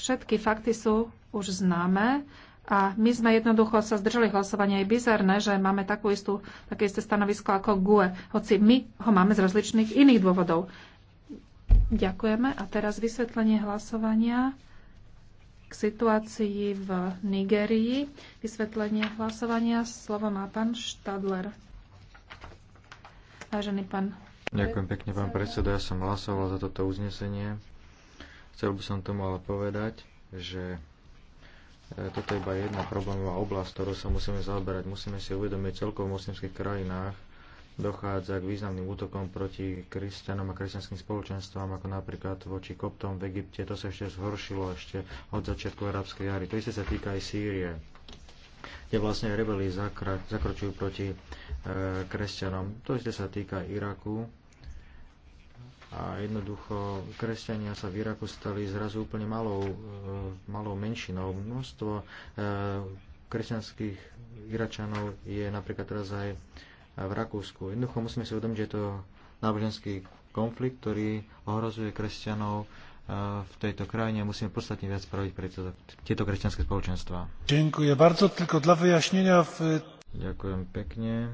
všetky fakty sú už známe. A my sme jednoducho sa zdržali hlasovania. Je bizarné, že máme takú istú, také isté stanovisko ako GUE, hoci my ho máme z rozličných iných dôvodov. Ďakujeme. A teraz vysvetlenie hlasovania k situácii v Nigerii. Vysvetlenie hlasovania. Slovo má pán Štadler. Vážený pán. Ďakujem pekne, pán predseda. Ja som hlasoval za toto uznesenie. Chcel by som tomu ale povedať, že E, toto je iba jedna problémová oblasť, ktorou sa musíme zaoberať. Musíme si uvedomiť, celkovo v moslimských krajinách dochádza k významným útokom proti kresťanom a kresťanským spoločenstvám, ako napríklad voči koptom v Egypte. To sa ešte zhoršilo ešte od začiatku arabskej jary. To isté sa týka aj Sýrie, kde vlastne rebeli zakra- zakročujú proti e, kresťanom. To isté sa týka Iraku, a jednoducho kresťania sa v Iraku stali zrazu úplne malou, e, malou menšinou. Množstvo e, kresťanských Iračanov je napríklad teraz aj v Rakúsku. Jednoducho musíme si uvedomiť, že je to náboženský konflikt, ktorý ohrozuje kresťanov e, v tejto krajine a musíme podstatne viac spraviť pre tieto kresťanské spoločenstva. Ďakujem bardzo, tylko dla vyjašnenia. v... Ďakujem pekne.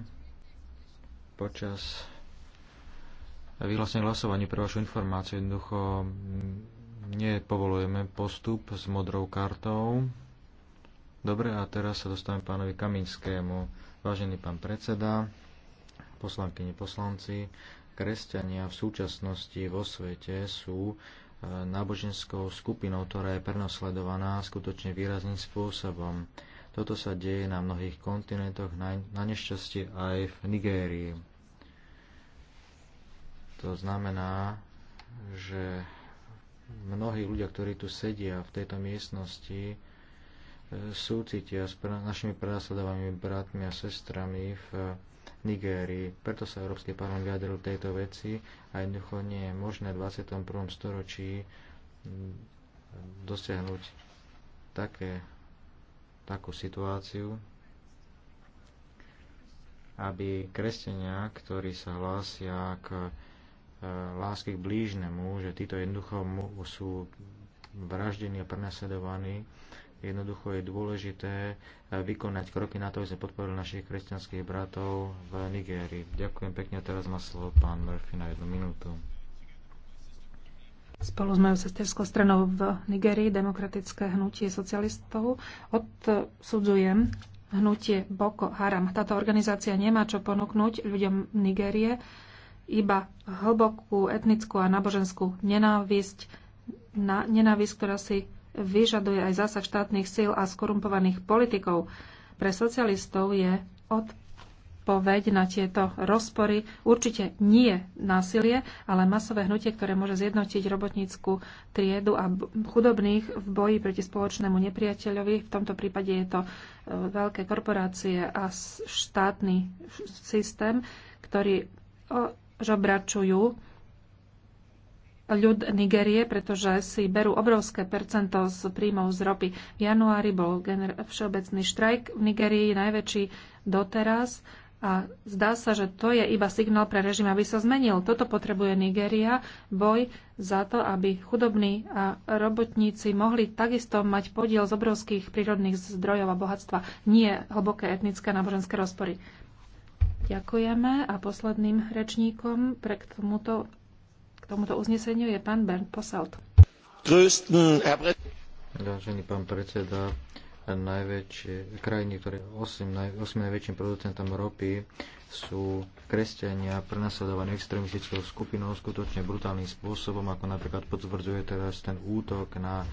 Počas vyhlásenie hlasovanie pre vašu informáciu. Jednoducho nepovolujeme postup s modrou kartou. Dobre, a teraz sa dostávame pánovi Kaminskému. Vážený pán predseda, poslankyni poslanci, kresťania v súčasnosti vo svete sú e, náboženskou skupinou, ktorá je prenasledovaná skutočne výrazným spôsobom. Toto sa deje na mnohých kontinentoch, na, na nešťastie aj v Nigérii. To znamená, že mnohí ľudia, ktorí tu sedia v tejto miestnosti, e, súcitia s našimi prenasledovanými bratmi a sestrami v Nigérii. Preto sa Európsky parlament vyjadril tejto veci a jednoducho nie je možné v 21. storočí dosiahnuť také, takú situáciu, aby kresťania, ktorí sa hlásia k Eh, lásky k blížnemu, že títo jednoducho sú vraždení a prenasledovaní. Jednoducho je dôležité eh, vykonať kroky na to, aby sme podporili našich kresťanských bratov v Nigérii. Ďakujem pekne, teraz má slovo pán Murphy na jednu minútu. Spolu s mojou sesterskou stranou v Nigerii, demokratické hnutie socialistov, odsudzujem hnutie Boko Haram. Táto organizácia nemá čo ponúknuť ľuďom Nigérie iba hlbokú etnickú a náboženskú nenávisť, na, nenávisť, ktorá si vyžaduje aj zásah štátnych síl a skorumpovaných politikov. Pre socialistov je odpoveď na tieto rozpory určite nie násilie, ale masové hnutie, ktoré môže zjednotiť robotnícku triedu a chudobných v boji proti spoločnému nepriateľovi. V tomto prípade je to e, veľké korporácie a štátny systém, ktorý žobračujú ľud Nigerie, pretože si berú obrovské percento z príjmov z ropy. V januári bol všeobecný štrajk v Nigerii, najväčší doteraz. A zdá sa, že to je iba signál pre režim, aby sa zmenil. Toto potrebuje Nigéria, boj za to, aby chudobní a robotníci mohli takisto mať podiel z obrovských prírodných zdrojov a bohatstva, nie hlboké etnické a náboženské rozpory. Ďakujeme a posledným rečníkom pre k tomuto, k tomuto uzneseniu je pán Bernd Posalt. Vážený pán predseda, najväčšie krajiny, ktoré 8, 8 najväčším producentom ropy sú kresťania prenasledované extrémistickou skupinou skutočne brutálnym spôsobom, ako napríklad potvrdzuje teraz ten útok na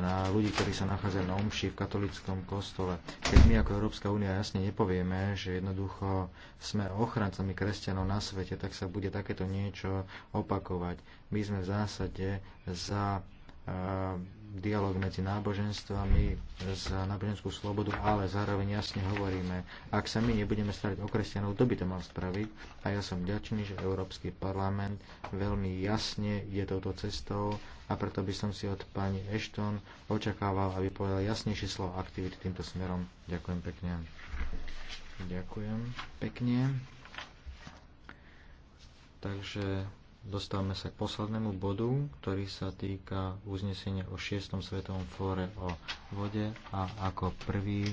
na ľudí, ktorí sa nachádzajú na omši v katolickom kostole. Keď my ako Európska únia jasne nepovieme, že jednoducho sme ochrancami kresťanov na svete, tak sa bude takéto niečo opakovať. My sme v zásade za eh, dialog medzi náboženstvami za náboženskú slobodu, ale zároveň jasne hovoríme, ak sa my nebudeme starať o kresťanov, kto by to mal spraviť? A ja som vďačný, že Európsky parlament veľmi jasne ide touto cestou a preto by som si od pani Ashton očakával, aby povedal jasnejšie slovo aktivity týmto smerom. Ďakujem pekne. Ďakujem pekne. Takže dostávame sa k poslednému bodu, ktorý sa týka uznesenia o 6. svetovom fóre o vode a ako prvý,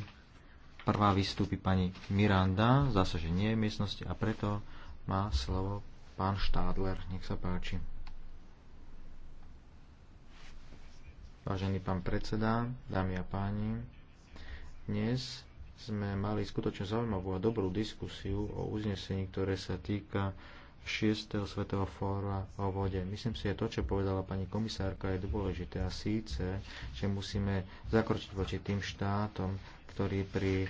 prvá vystúpi pani Miranda, zase, že nie je v miestnosti a preto má slovo pán Štádler. Nech sa páči. Vážený pán predseda, dámy a páni, dnes sme mali skutočne zaujímavú a dobrú diskusiu o uznesení, ktoré sa týka 6. Svetového fóra o vode. Myslím si, že to, čo povedala pani komisárka, je dôležité a síce, že musíme zakročiť voči tým štátom, ktorí pri e,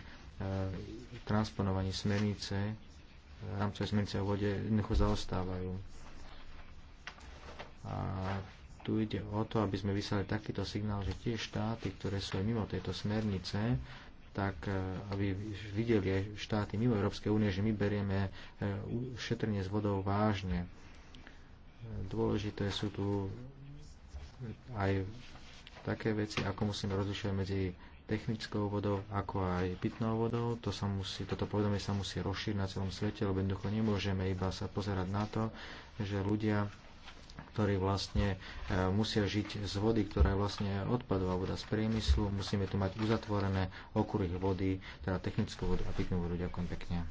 transponovaní smernice, eh, rámci smernice o vode, jednoducho zaostávajú. A tu ide o to, aby sme vyslali takýto signál, že tie štáty, ktoré sú aj mimo tejto smernice, tak e, aby videli aj štáty mimo Európskej únie, že my berieme e, šetrenie s vodou vážne. Dôležité sú tu aj také veci, ako musíme rozlišovať medzi technickou vodou, ako aj pitnou vodou. To sa musí, toto povedomie sa musí rozšíriť na celom svete, lebo jednoducho nemôžeme iba sa pozerať na to, že ľudia ktorí vlastne e, musia žiť z vody, ktorá je vlastne odpadová voda z priemyslu. Musíme tu mať uzatvorené okruhy vody, teda technickú vodu a pitnú vodu. Ďakujem pekne.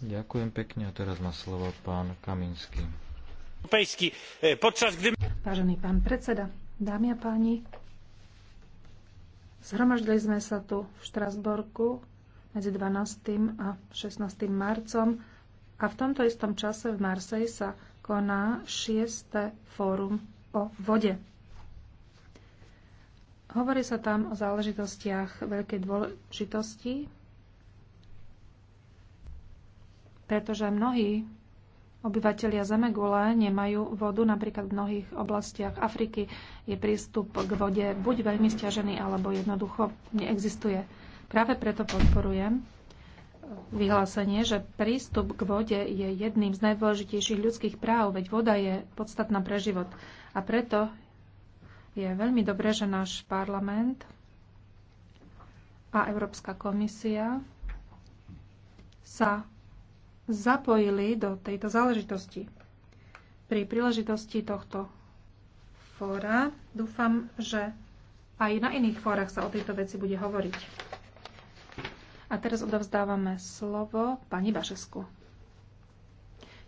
Ďakujem pekne a teraz má slovo pán Kaminsky. E, Vážený pán predseda, dámy a páni, zhromaždili sme sa tu v Štrasborku medzi 12. a 16. marcom a v tomto istom čase v Marseji sa koná 6. fórum o vode. Hovorí sa tam o záležitostiach veľkej dôležitosti, pretože mnohí obyvateľia Zemegule nemajú vodu, napríklad v mnohých oblastiach Afriky je prístup k vode buď veľmi stiažený, alebo jednoducho neexistuje. Práve preto podporujem vyhlásenie, že prístup k vode je jedným z najdôležitejších ľudských práv, veď voda je podstatná pre život. A preto je veľmi dobré, že náš parlament a Európska komisia sa zapojili do tejto záležitosti. Pri príležitosti tohto fóra dúfam, že aj na iných fórach sa o tejto veci bude hovoriť. A teraz odovzdávame slovo pani Bašesku.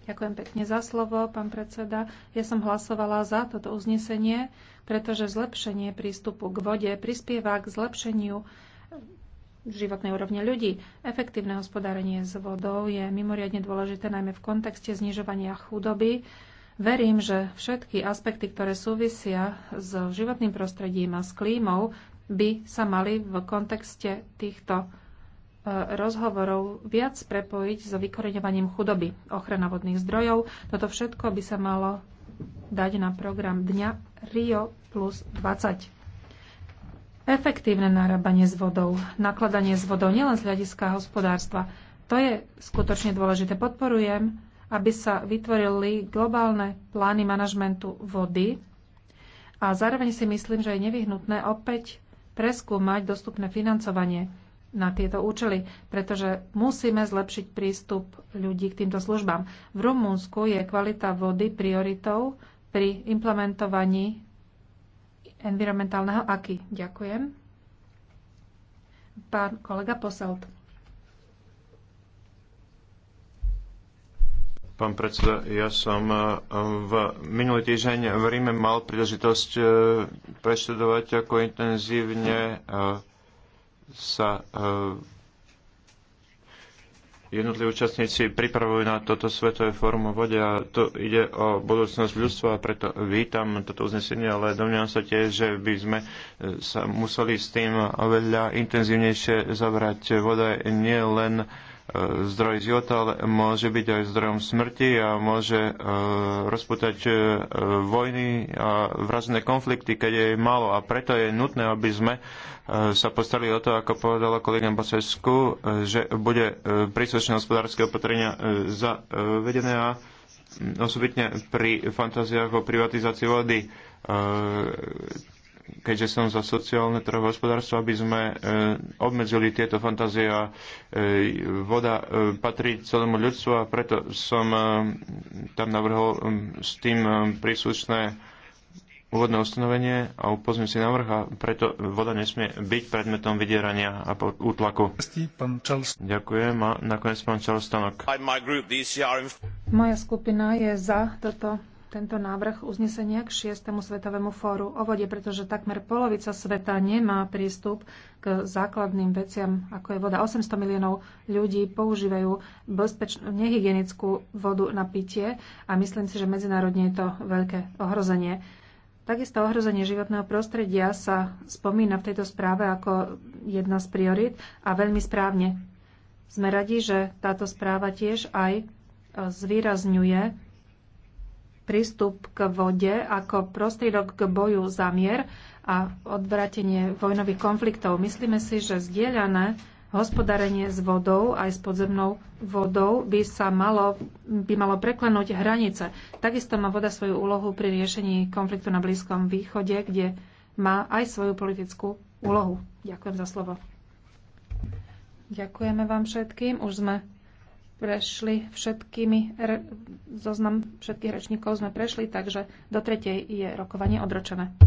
Ďakujem pekne za slovo, pán predseda. Ja som hlasovala za toto uznesenie, pretože zlepšenie prístupu k vode prispieva k zlepšeniu životnej úrovne ľudí. Efektívne hospodárenie s vodou je mimoriadne dôležité najmä v kontexte znižovania chudoby. Verím, že všetky aspekty, ktoré súvisia s životným prostredím a s klímou, by sa mali v kontexte týchto E, rozhovorov viac prepojiť so vykoreňovaním chudoby, ochrana vodných zdrojov. Toto všetko by sa malo dať na program Dňa Rio plus 20. Efektívne narábanie s vodou, nakladanie s vodou nielen z hľadiska hospodárstva, to je skutočne dôležité. Podporujem, aby sa vytvorili globálne plány manažmentu vody a zároveň si myslím, že je nevyhnutné opäť preskúmať dostupné financovanie na tieto účely, pretože musíme zlepšiť prístup ľudí k týmto službám. V Rumúnsku je kvalita vody prioritou pri implementovaní environmentálneho aky. Ďakujem. Pán kolega Poselt. Pán predseda, ja som eh, v minulý týždeň v Ríme mal príležitosť eh, preštudovať, ako intenzívne eh, sa eh, jednotliví účastníci pripravujú na toto svetové fórum o vode a to ide o budúcnosť ľudstva a preto vítam toto uznesenie, ale domňam sa tiež, že by sme eh, sa museli s tým oveľa intenzívnejšie zabrať. Voda je nie len zdroj života, ale môže byť aj zdrojom smrti a môže e, rozputať e, vojny a vražné konflikty, keď je málo. A preto je nutné, aby sme e, sa postali o to, ako povedala kolega Bosesku, že bude príslušné hospodárske opatrenia zavedené a osobitne pri fantáziách o privatizácii vody keďže som za sociálne trhohospodárstvo, aby sme e, obmedzili tieto fantázie a e, voda e, patrí celému ľudstvu a preto som tam navrhol s tým príslušné úvodné ustanovenie a upozním si navrh a preto voda nesmie byť predmetom vydierania a útlaku. Ďakujem a nakoniec pán Charles Stanok. Moja skupina je za toto tento návrh uznesenia k 6. Svetovému fóru o vode, pretože takmer polovica sveta nemá prístup k základným veciam, ako je voda. 800 miliónov ľudí používajú bezpečnú, nehygienickú vodu na pitie a myslím si, že medzinárodne je to veľké ohrozenie. Takisto ohrozenie životného prostredia sa spomína v tejto správe ako jedna z priorit a veľmi správne. Sme radi, že táto správa tiež aj e, zvýrazňuje prístup k vode ako prostriedok k boju za mier a odvratenie vojnových konfliktov. Myslíme si, že zdieľané hospodárenie s vodou aj s podzemnou vodou by sa malo, by malo preklenúť hranice. Takisto má voda svoju úlohu pri riešení konfliktu na Blízkom východe, kde má aj svoju politickú úlohu. Ďakujem za slovo. Ďakujeme vám všetkým. Už sme prešli všetkými, re, zoznam všetkých rečníkov sme prešli, takže do tretej je rokovanie odročené.